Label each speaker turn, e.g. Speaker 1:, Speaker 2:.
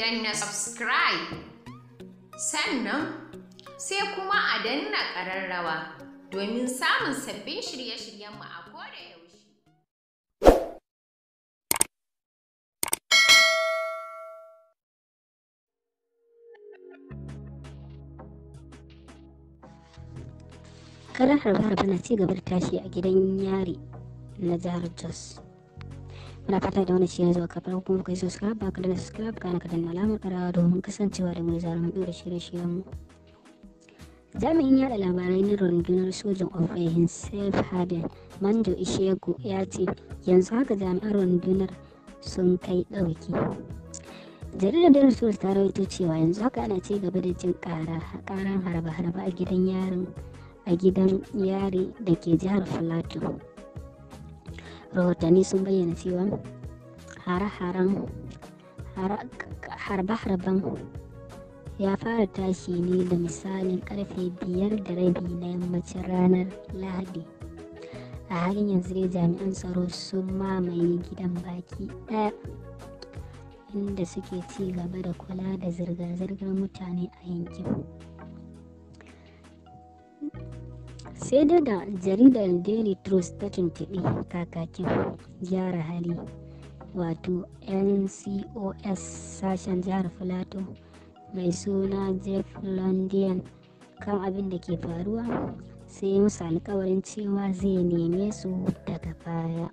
Speaker 1: danna subscribe sannan sai kuma a danna ƙararrawa domin samun sabbin shirye-shiryenmu a koda yaushe. Karar harbe bana na ci gaba da tashi a gidan yari na jihar Jos. muna fatan da wani shi ne zuwa kafar kuma kai subscribe ba ka da subscribe kana ka danna alamar karawa domin kasancewa da mai zarar mun ɗora mu jami'in yada labarai na rundunar sojin ofishin safe haven Manjo ishegu ya ce yanzu haka jami'an rundunar sun kai ɗauki jaridar daily source ta rawaito cewa yanzu haka ana ci gaba da jin karan harba-harba a gidan yarin gidan yari da ke jihar Filato. rahotanni sun bayyana cewa hare-haren harbe-harben ya fara tashi ne da misalin karfe biyar da rabi na yammacin ranar lahadi a halin yanzu dai jami'an tsaro sun mamaye gidan baki daya inda suke ci gaba da kula da zirga-zirgar mutane a yankin sai dai da jaridar daily trust ta tuntuɓi kakakin gyara hali wato ncos sashen jihar filato mai suna jeff londian kan abin da ke faruwa sai musu alkawarin cewa zai neme su daga baya